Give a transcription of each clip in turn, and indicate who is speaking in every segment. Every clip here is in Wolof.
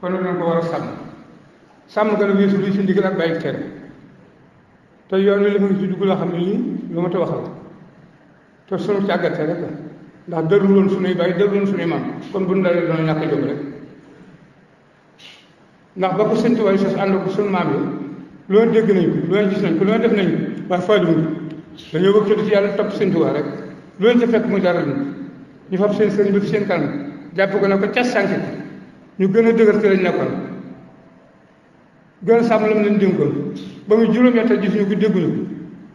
Speaker 1: kon nag dañ ko war a sàmm sàmm gën a weesu luy si ndigal ak bàyyi tere te yoon wi la mu ngi si loo xam ne nii lu ma ta waxal te sunu càggante rek ndax dërul woon sunuy bàyyi dërul woon sunuy maam kon bu nu dalee doon ñàkk jóg rek ndax ba ko sëntu waay sos ànd ko sunu maam yi lu leen dégg nañ ko lu leen gis nañ ko lu leen def nañ ko waaye faaluwuñ dañoo bëgg yàlla topp sëntu waay rek lu leen ca fekk ñu fab seen sëriñ bi kanam jàpp ko ne ko cas sànq ñu gën a dëgër lañ nekkoon gën a sàmm lam lañ dénkoon ba muy juróom-ñett a ñu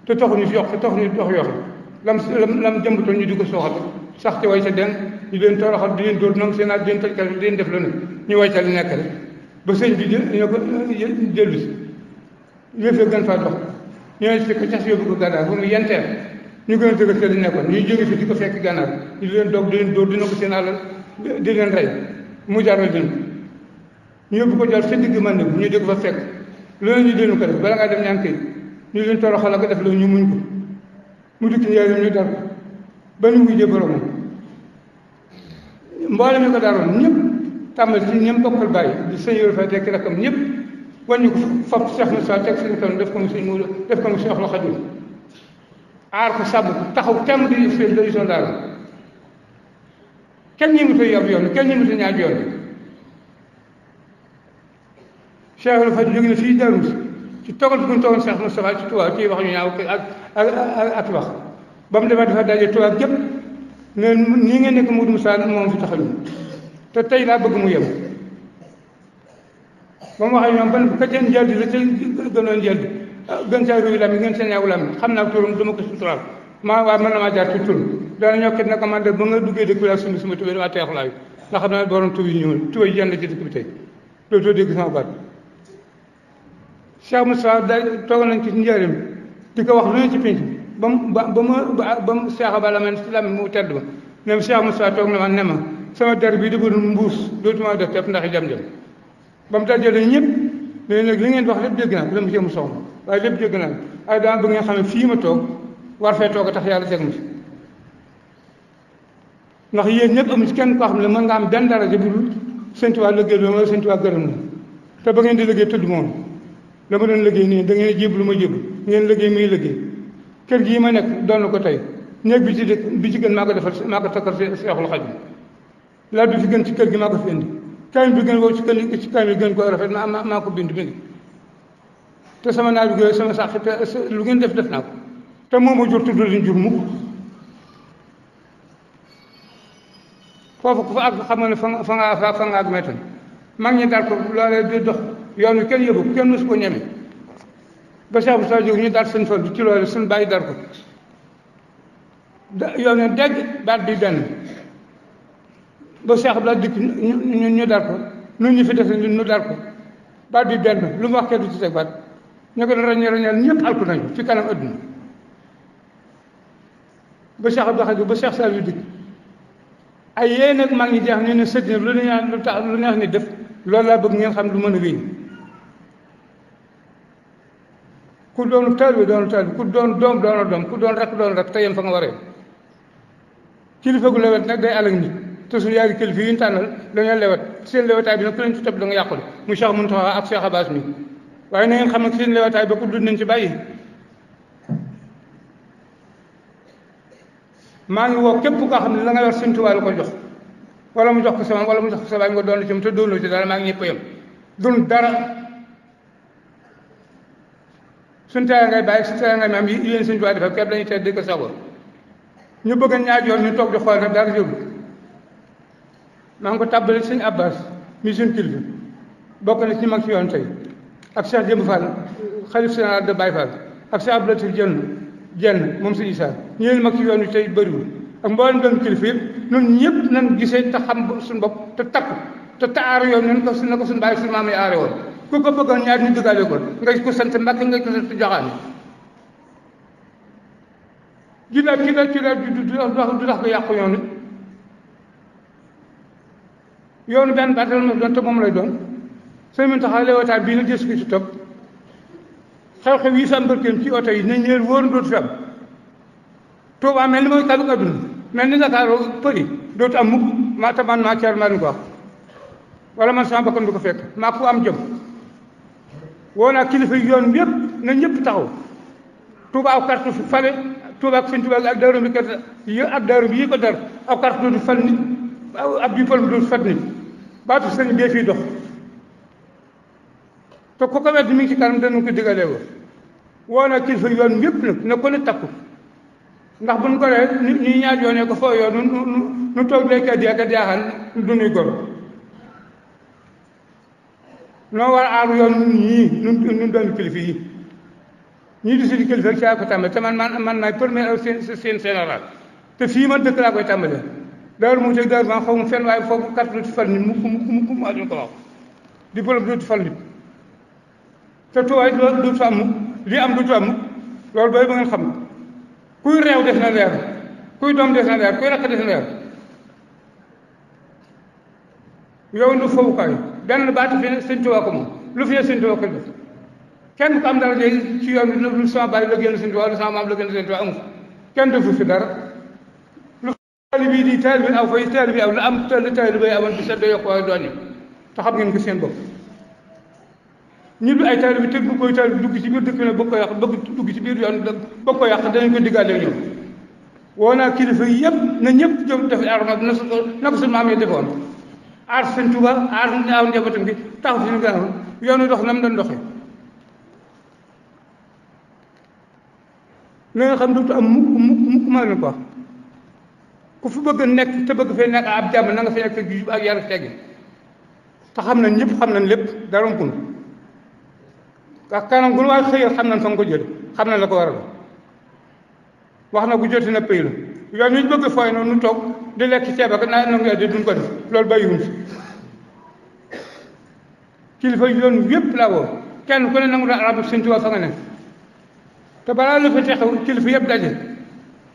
Speaker 1: te taxuñu fi yokk te taxuñu dox yokk lam lam lam ñu di ko sooxal sax ci sa den ñu leen toroxal di leen dóor nangu seen naat di leen tojkal di ñu way ca li ba sëñ bi jël ñu ko dellu si yëfee gën faa dox ñu ne si ko ñu gën a dëgër ci lañ nekkoon ñuy jóge fi di ko fekk gànnaar ñu leen doog di leen dóor di nangu seen alal di leen rey mu jar na dund ñu yóbbu ko jol man ne ñu dégg fa fekk loolu ñu dinu ko def bala ngaa dem ñaan kay ñu leen toroxal ko def loolu ñu muñ ko mu dikk njëriñ ñu dar ko ba ñu wujjee ko daroon ñëpp tàmmal si ñoom bokkal bàyyi di sëñ Yoro Faye tekki rakam ñëpp wan ñu ko fab Cheikh Moussa teg seen kanam def ko mu sëñ Mourou def ko mu Cheikh Lo Khadim aar ko sàmm taxaw temm di seen dëri son daara kenn ñëwuta yob yoon kenn ñëwuta ñaaj yoon bi Cheikhul Fat jóge na fii Darou ci toogal fi ñu toogoon Cheikh Moustapha ci Touba ci wax ñu ñaaw ak ak ak wax ba mu demee dafa daje Touba gépp ne nii nga nekk Moudou Moussa moom fi taxañu te tey laa bëgg mu yem ba mu waxee ñoom ban ka seen njëldi la ca gënoon njëldi gën saa ah ruyu lam yi gën seen ñaaw lam xam naa turam dama ko suturaal maa waa mën na maa jaar ci tur dana ñokket na ko man de ba nga duggee dëkk bi laa summi suma tubéy damaa teexlaayu ndax xam naa borom tubi ñuul tubéy yenn ci dëkk bi tey dootoo dégg sama baat da toog nañ ci njëriñ di ko wax lu ne ci ba mu ba ba mu ba mu Cheikh Abala man si mu tedd ma ne ma Cheikh Moussa toog na ma ne ma sama der bi di bu mbuus dootuma def tepp ndax jam-jam ba mu dajalee ñëpp léegi nag li ngeen wax lépp dégg naa ko la mu Cheikh Moussa waaye lépp dégg naa ko ay dama bëgg xam ne fii ma toog war fee toog a tax yàlla teg ma ndax yéen ñëpp amu ci kenn koo xam ne mën nga am benn daraja bu dul sëñ Tuubaa liggéey loolu mooy sëñ gërëm na te ba ngeen di liggéey tëdd moom la ma doon liggéey nii da ngeen jib lu ma jib ngeen liggéey muy liggéey kër gii ma nekk doon na ko tey néeg bi ci dëkk bi ci gën maa ko defal maa ko takkal Seexul Xadiim laaj bi fi gën ci kër gi maa ko fi indi bi gën woo ci kër ci kaamil bi gën koo rafet maa maa ko bind mi ngi te sama naaj bi sama sax lu ngeen def def naa ko te moom ma jur tudd leen jur mu foofu ku fa àgg xam nga ne fa nga fa nga fa nga àgg metti mag ñi daal ko loolee di dox yoon wi kenn yëgu kenn mësu ko ñeme ba Cheikh Moussa ñu daal seen fal ci loolu suñu bàyyi dar ko yoon wi dégg baat bi benn ba Cheikh Abdoulaye dikk ñu dar ko nu ñu fi def ñu dar ko baat bi benn lu mu wax kenn du ci teg baat ñu ko doon ràññee ràññeel ñëpp alku nañu fi kanam adduna ba Cheikh Abdoulaye ba Cheikh Sall yu dikk ay yéen nag mag ñi jeex ñu ne sëñ lu ne lu tax lu neex def loolu laa bëgg ngeen xam du mën a ku doon taal bi doon taal bi ku doon doom doon doom ku doon rakk doon rakk te yem fa nga waree kilifa gu lewet nag day àll ak nit te suñu yaari kilifa yu ñu tànnal dañoo lewet seen lewetaay bi nag ku leen ci topp da nga yàqule mu Cheikh Mountakha ak Cheikh Abbas mi waaye na ngeen xam ne seen lewetaay ba ku dund nañ ci bàyyi. maa ngi woo képp koo xam ne la nga yor Sëñ Tuubaa ko jox wala mu jox ko sama wala mu jox ko sa baay nga doon ci mu te doonoo ci dara maa ngi ñëpp yem dun dara suñ su teel ngay maam yi yéen ko sago ñu bëgg ñaaj yoon ñu toog di xool rek maa ngi ko tàbbale Sëñ Abbas mi suñ kilifa bokk na ci mag ci yoon tey ak Cheikh Jëmb Fall xalif général de Baye Fall ak Cheikh Abdou Latif Jenn moom Sëñ Isaa ñu leen mag yoon wi tey bëriwul ak mboolem doon kilifa yëpp ñun ñëpp nañ gisee te xam suñu bopp te takku te taaru yoon nen ko su na ko suñu bàyyi woon ko bëggoon ñaar ñu duggaale ko nga ko sant Mbàkke nga ko sant Jaxaane ginnaaw ki la benn baat la moom lay doon sëñ bi taxaw leewataa bii na gis ko ci topp xew-xew yi sàmbarkeem ci oto yi nañ leen wóor dootu fi am to ba mel mooy kabi aduna mel ni zakar Ndakaaru përi do ta mu ma ta man ma ceer maa ko wala man sama bakkan du ko fek ma ko am jëm wona kilifa yon yëpp na ñepp taxaw Touba aw kartu fi fale Touba ak sëñ Touba ak daara bi kat yi ak daara bi ko dar aw kartu du fal nit ab bi fal du fat nit ba tu sëñ be fi dox to ko ko wedd mi ngi ci kanam danañ ko digale wo wona kilifa yon yëpp nag na ko ni takku ndax buñ ko dee ñu ñaar yoonee yoon nu toog dee kër yaa kër yaa xam du ñuy gor noo war a aar yoon ñii doon kilifa yi ñii di suñu kilifa ci ko tàmbale te man man man maay premier seen seen général te fii ma dëkk laa koy tàmbale daaru mu teg daaru man xaw mu fenn waaye foofu carte fal nit mukk mukk mukk mu aduñ ko wax diplôme du ci fal nit te tuwaay du du am li am du am loolu booy ba ngeen xam kuy réew des na leeru kuy doom des na leeru kuy rakk des na leeru yow nu fowukaay benn baatu fi ne sëñ Tuubaa ko lu fi ne sëñ Tuubaa ku am dara léegi ci yoon bi lu sama bàyyi la génn sëñ Tuubaa lu sama maam la génn sëñ Tuubaa kenn defu fi dara lu taali bi di taali bi aw fay taali bi aw lu am taali bi amoon bi sa doyokk waaye doon te xam ngeen ko seen bopp ñu du ay taalibe te bu koy taalibe dugg ci biir dëkk ne bëgg ko yàq bëgg dugg ci biir yoon bëgg ko yàq danañ ko diggaale ñoom woo naa kilifa yëpp na ñëpp jom def arma na na ko suñu maam yi defoon aar seen tuba aar aw njabootam gi taxu suñu gaaw yoonu dox na mu doon doxee la nga xam dootu am mukk mukk mukk maa leen ko wax ku fi bëgg nekk te bëgg fee nekk ab jàmm na nga fi nekk jub ak yar teggi te xam nañ ñëpp xam nañ lépp dara mu ndax kanam gu nu waay xam nañ fa nga ko jël xam nañ la ko waral wax na jël joti na pay la yow ñu bëgg noonu nu toog di lekk ceeb ak naa nangu addi duñ ko def loolu bàyyiwuñ si kilifa yoon yëpp laa woo kenn ku ne nangu daan arab sëñ Tuubaa fa nga ne te balaa lu fi texew kilifa yëpp daje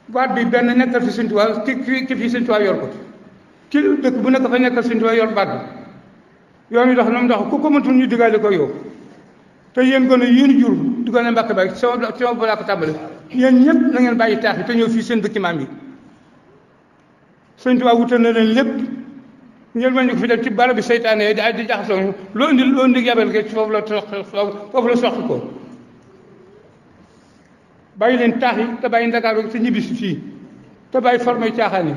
Speaker 1: baat bi benn nekkal fi sëñ Tuubaa ki ki fi sëñ Tuubaa ko kil dëkk bu nekk fa nekkal sëñ Tuubaa baat bi yoon wi dox na mu dox ku ko mëntul ñu diggaale ko yow te yéen gone yéen jur di gone mbàkk bay sama sama balaa ko tàmbale yéen ñëpp na ngeen bàyyi taax bi te ñëw fii seen dëkki maam yi sëñ Tuubaa wutal na leen lépp ñëw ma ñu ko fi def ci bara bi seytaane yi di di jaxasoo loo indi loo indi yabal ge ci foofu la sox foofu la soxi ko bàyyi leen taax yi te bàyyi ndakaaru te ñibbi si fii te bàyyi forme caaxaan yi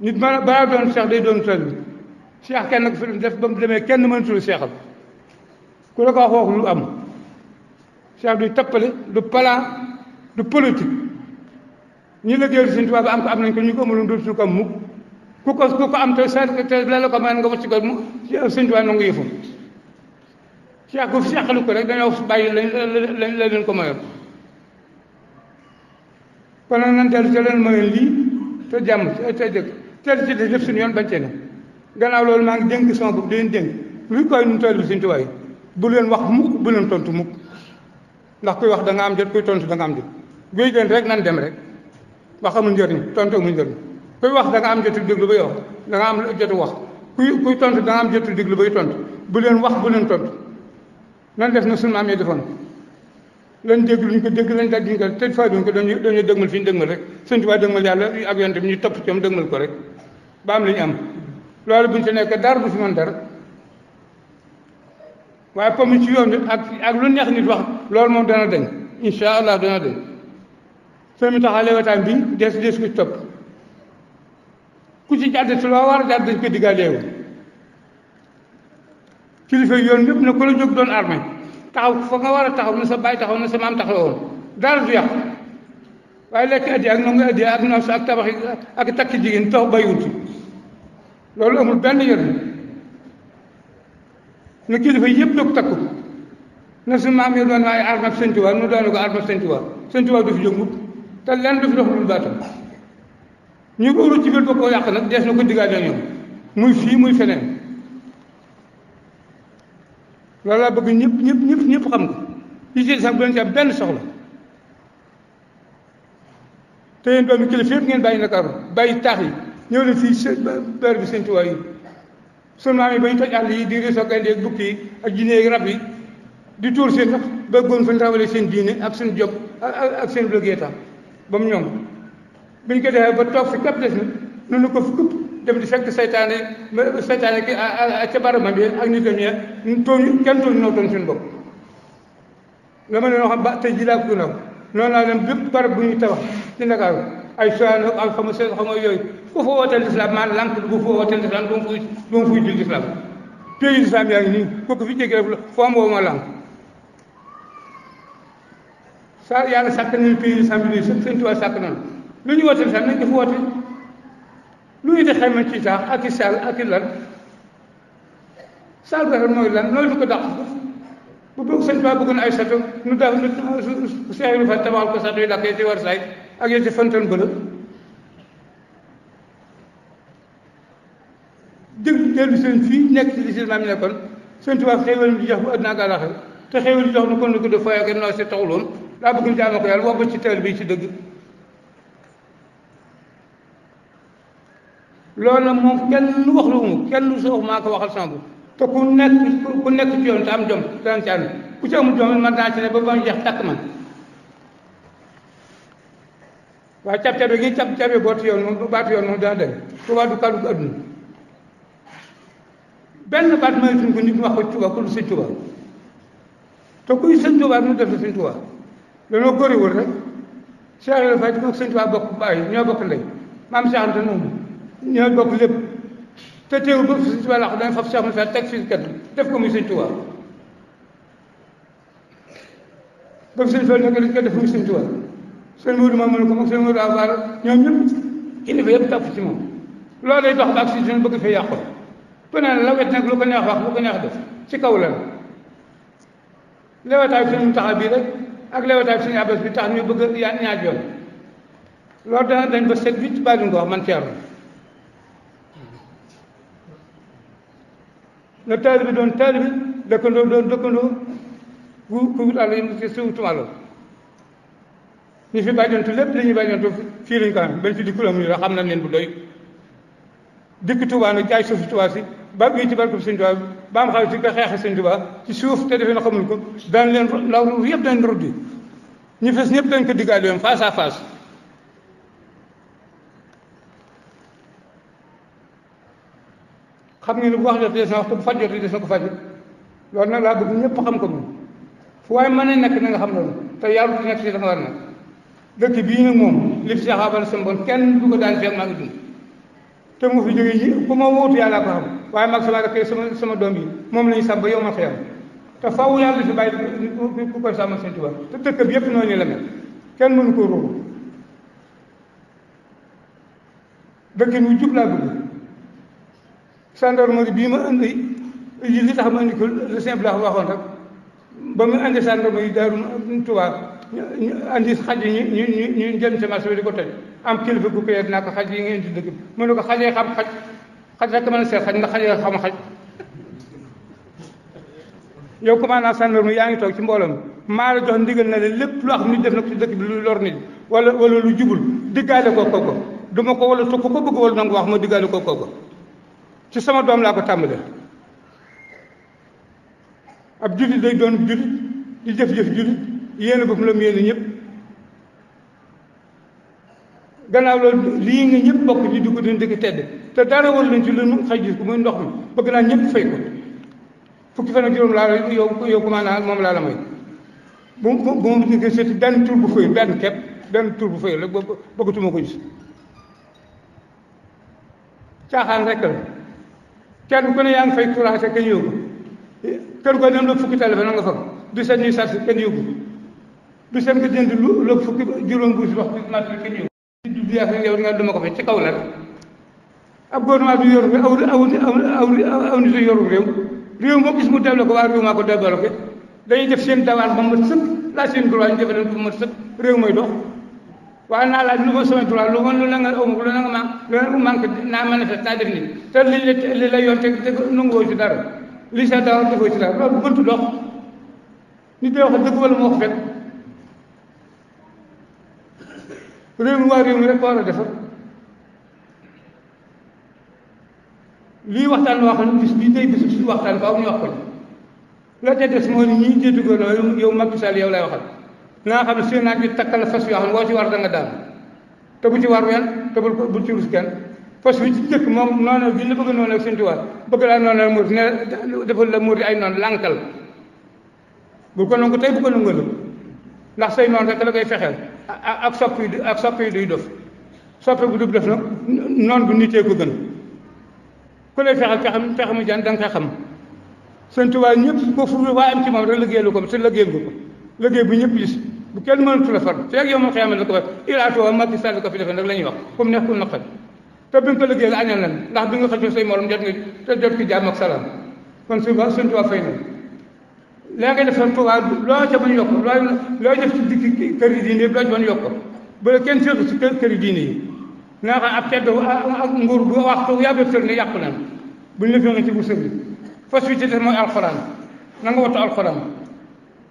Speaker 1: nit ma balaa doon seex day doon tël bi seex kenn ko fi def ba mu demee kenn mënatul seexal ku la ko wax lu am chef du tappale du plan du politique ñi liggéeyal Sëñ Tuubaa ba am ko am nañ ko ñu ko amaloon dootu ko mu ku ko ku ko am te sa te la la ko mën nga wacc ko mu Sëñ Tuubaa nangu yëfam cheikh bu fi ko rek dañoo bàyyi lañ lañ la leen ko mayoon kon nag nan dellu ca leen mayoon lii te jàmm te jëkk teel ci def lépp suñu yoon bañ cee ne gannaaw loolu maa ngi dénk sama bopp di leen bi suñu bu leen wax mukk bu leen tontu mukk ndax kuy wax danga am jot kuy tontu da nga am jot wéy leen rek nan dem rek wax amul njëriñ tontu amul njëriñ kuy wax da nga am jotu déglu bay wax da nga am jotu wax kuy kuy tontu da nga am jotu déglu bay tontu bu leen wax bu leen tontu nan def na suñu maam yi defoon lan déglu ñu ko dégg lañ daj ñu ko te faa duñ ko dañu dañu dëgmal fi ñu dëgmal rek sëñ Tuubaa dëgmal yàlla ak yonent bi ñu topp ci moom dëgmal ko rek ba am li ñu am loolu buñ ci nekk daar bu ci mën dara waaye pomme ci yoon ak ak lu neex nit wax loolu moom dana dañ incha allah dana dañ soo mu taxalee waxtaan bi des des ku topp ku ci jàdd si loo war a dañ ko diggaaleewu kilifa yoon yëpp ne ku la jóg doon armé taxaw fa nga war a taxaw na sa baay taxaw na sa maam taxawoon dara du yàqu waaye lekk addiya ak nangu addiya ak noos ak tabax ak takk jigéen tax bayut loolu amul benn yoon na kilifa yëpp jóg takku na su maam yi doon waaye armab Sëñ Tuubaa nu doon ko armab Sëñ Tuubaa Sëñ Tuubaa du fi jóg mukk te lenn du fi dox lu baatam ñu ci biir yàq nag dees na ko diggaale ak ñoom muy fii muy feneen loolu laa bëgg ñëpp ñëpp ñëpp ñëpp xam ko li ci sax bu benn soxla te yéen doomi kilifa yëpp ngeen bàyyi Ndakaaru bàyyi taax yi ñëw leen fii bër bi yi sunu maam yi ba ñu toj àll yi di réseau gaynde ak bukki yi ak jinne yi rab yi di tuur seen sax bëggoon fa ñu rawale seen diine ak seen job ak seen bëggee tax ba mu ñoom bi ñu ko defee ba toog fi képp des na nu ko fukk dem di fekk saytaane saytaane ki ca barama bi ak nitam ya tooñ kenn tooñ noo doon suñu bopp nga mën ne noo xam ba tey ji laa ko noonu laa dem bépp barab bu ñuy tabax ci Ndakaaru ay soaan ak xam nga yooyu ku fa wooteel lislaam maa lànk bu fa wooteel lislaam doo fuy doo fuy yaa ngi nii kooku fi jéggi rek foo am woo ma lànk sa yàlla sàkk nañu pays lislaam bi nii seen tubaab sàkk nañu lu ñu wooteel lislaam nañ ko fa woote lu ñu di xayma ci taax ak i saal ak i lan saal bi mooy lan loolu du ko bu bëgg sëñ Tuubaa bëggoon ay sato nu daaw nu seex yi fa tabaxal ko sato yi làkk yi ci war saay ak yi ci fantoon bëlëg dellu seen na kon na ko def fooy ak noo si taxuloon daa bëgg ñu jaamu ko bi ci dëgg loolu nag moom kenn wax lu mu kenn soo wax maa ko waxal sangu te ku nekk ku nekk ci yoon te am jom daan ci am ci amul jom man naa ci ne ba ba mu jeex takk man waaye cab gi cab cabe booti yoon moom baatu moom dana dem su waa du kàddu adduna benn baat mayatuñ ko nit wax ko tuba ku Sëñ tuba te kuy Sëñ tuba nu def Sëñ Tuuba dañoo góoriwul rek Cheikh Ibra Faye moom Sëñ tuba bokk baay ñoo bokk lay maam Cheikh Anta noonu ñoo bokk lépp te teewul ba Sëñ tuba laax dañ fab Cheikh mu Faye teg fi kat def ko muy Sëñ tuba ba Sëñ tuba nekk dañ ko def muy Sëñ tuba sëñ Moodu ma mënu ko moom sëñ Moodu Awaar ñoom ñëpp fa yëpp topp ci moom loolu lay dox ba ak si suñu bëgg fee yàqu beneen lawet nag lu ko neex wax lu ko neex def ci kaw lan lewetaay suñu taxa bii rek ak lewetaay suñu abes bi tax ñu bëgg yaa ñaaj yoon loolu dana dañ ba set bi bàyyi man ceeru na taali bi doon taali bi dëkkandoo doon dëkkandoo ku ku wut àll yi si wutum àll ñu fi bàjjantu lépp li ñuy bàjjantu fii lañ ko am benn ci dikku la muy xam nañ leen bu doy dikk Tuubaa nag jaay suufu Tuubaa si باب يجي بالك في سنجاب بام خالد تبقى خيخ سنجاب تشوف تدري فين خم لكم بام لين لو ريب دين رودي نفس نيب دين كدي قالوا فاس فاس خمني لو واحد يبي يسمع كم فاجي ريد يسمع فاجي لو أنا لعب الدنيا بكم كم فواي ما نحن كنا خم لهم تيارو كنا كنا خم لهم لكن بينهم لبسي خبر سنبون كان بقدر يجمع الدنيا te mu fi jóge ji ku ma wóotu yàlla ko xam waaye mag sama rakk sama doom yi moom la ñu sàmm ba yow ma xeyam te faaw yàlla du fi bàyyi ku koy sàmm seen tubaab te dëkk bi yëpp noonu la kenn mënu koo róobu dëkkin wu jub laa bëgg gendarmerie bii ma indi yi li tax ma indi ko le simple waxoon rek ba mu indi gendarmerie daaru tubaab andi xaj ñi ñu ñu jëm ci bi di ko toj am kilifa ku ko yor nak ko xaj yi ngeen di dëgg mu ñu ko xajee xam xaj xaj rek man sey seet xaj nga xajee xam xaj yow ko commandant gendarme yaa yaangi tok ci mbolam ma la jox ndigal na lépp lu xam ñu def nak ci dëkk bi lu lor nit wala wala lu jubul digalé ko koko duma ko wala su ko bëgg wala nang wax ma digalé ko koko ci sama doom la ko tambalé ab jullit day doon jullit di jëf-jëf jullit yéen ko mu la mu yéen gannaaw loolu lii nga ñëpp bokk ci dugg dañ dëkk tedd te dara war lañ ci lu mu xëy gis ko muy ndox mi bëgg naa ñëpp fay ko fukki fan juróom laa yow yow commande moom laa la may bu bu bu mu gën seeti benn tuur bu fay benn kepp benn tur bu fay rek bëggatuma ko gis caaxaan rek la kenn ku ne yaa ngi fay courant kenn yóbbu kër ko dem la fukki téléphone nga fa du set ñuy sart kenn yóbbu du seen ko jënd lu lu fukki juróom buus wax bi commencé ko ñëw di du diyaas yow nga duma ko fi ci kaw la ab gouvernement du yor aw aw aw aw nit yoru réew réew moo gis mu delloo ko waa réew maa ko delloo ko dañuy def seen dawaan ba mat sëkk laa seen droit ñu defe leen ba mat sëkk réew dox waaye naa laaj lu ma sama droit lu ma lu nga aw lu la nga ma lu la nga manqué naa manifeste naa def nii te li la li la yoon teg te nangoo ci dara li sa dawaan defoo ci dara loolu bëntu dox nit day wax dëgg wala moo ko réew mi waa réew mi rek ko war a defar lii waxtaan loo xam ne bis bii tey bisu suñu waxtaan faaw ñu wax ko la ca des mooy ni ñuy ko loolu yow Macky bi takkal fas yoo xam ne woo ci war da bu ci war wel te bul bul noonu bi ñu bëgg noonu ak seen tubaab bëgg laa noonu la ay noonu lànkal bu ko nangu tey bu ndax say noonu rek la koy fexeel ak soppi ak soppi duy dof soppi bu dub def nag noonu bu nitee ko gën ku lay fexal fexam fexamu jaan da nga xam sëñ Tuubaa ñëpp ko furu waaye am ci moom rek liggéey lu ko te liggéey nga ko liggéey bu ñëpp gis bu kenn mënatu la far feeg yow ma xiyaamal la ko fa ilaatu wa Macky Sall ko fi defee nag la ñuy wax ku mu neex ku naqari te bi nga ko liggéey la añal lan ndax bi nga xëccoo say morom jot nga te jot ki jàmm ak salaam kon suba sëñ Tuubaa fay na la nga defoon Tuubaa loo ca bañ yokk loo loo def ci digg kër yi diine yi loo ca bañ yokk ba la kenn seetu si kër yi diine yi nga xam ab tedd ak nguur bu waxtu yàbbee sël ne yàqu nan buñ la fee ci bu sël fas wi ci def mooy alxuraan na nga wattu alxuraan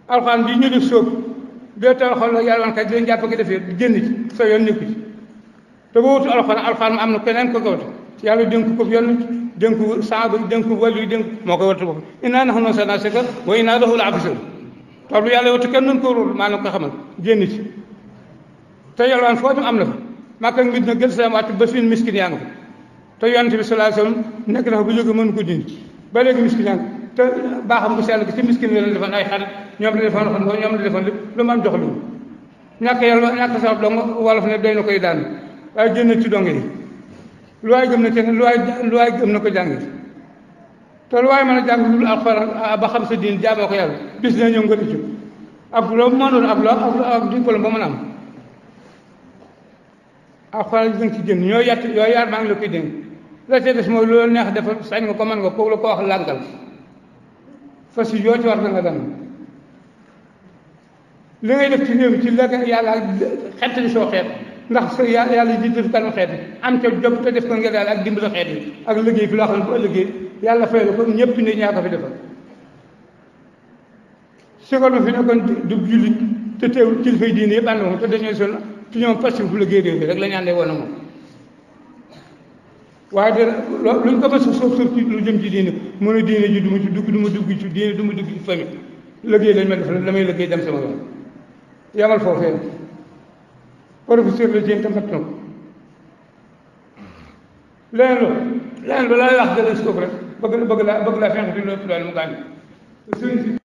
Speaker 1: alxuraan bi ñu di sóob dee te alxuraan yàlla wan kay di leen jàpp ko defee sa yoon nekku te boo wutu alxuraan alxuraan am na keneen ko ko watu yàlla dénk ko yoon دنكو صعب دنكو ولي دنك ما قدرت إن أنا هنا سناسك وإن هذا هو العكس طب يا له تكلم نقول ما نك خمر جنيش تيار الأنفاق أملا ما كان قد نقل سلام أتى بس من مسكين يعني تيار أنت بس الله سلم نكره بيجو كمان كدين بلق مسكين يعني تا باهم بس أنا كتير مسكين يعني لفان أي حال يوم لفان لفان يوم لفان لما أم جهلو نك يا له نك سلام لما والله فنبدأ نكيدان أجنيش دعني lu waay gëm na te lu waay na ko jàng te lu waay mën a jàng lu alxuraan ba xam sa diin jaamoo ko yàlla bis na ñëw nga rëccu ak loo mënoon ab loo ak diplôme ba mën am alxuraan bi ci jën ñoo yàtt yooyu yaar maa ngi la koy dénk la te des mooy loolu neex dafa sañ nga ko mën nga kooku la ko wax lànkal fas yoo ci war na nga daan li ngay def ci réew ci la yàlla xet ni soo xeet ndax sa yàlla jiital fi kanam xeet am ca jom te def ko ngir yàlla ak dimbali xeet yi ak liggéey fi loo xam ne bu yàlla fay la ñëpp ne ñaa fi defal seconde fi nekkoon du jullit te teewul kilifa yi diine yëpp ànd moom te dañoo sonn rek la ñu àndee woon de luñ ko a soof soof ci lu jëm ci diine mu ne diine du ma ci dugg du ma dugg ci diine du ma dugg ci lañ ma def damay liggéey dem sama yoon yamal foofee professeur la jéem tamit toog leneen loo leneen balaa yàq dana suuf rek bëgg bëgg laa bëgg laa fenk di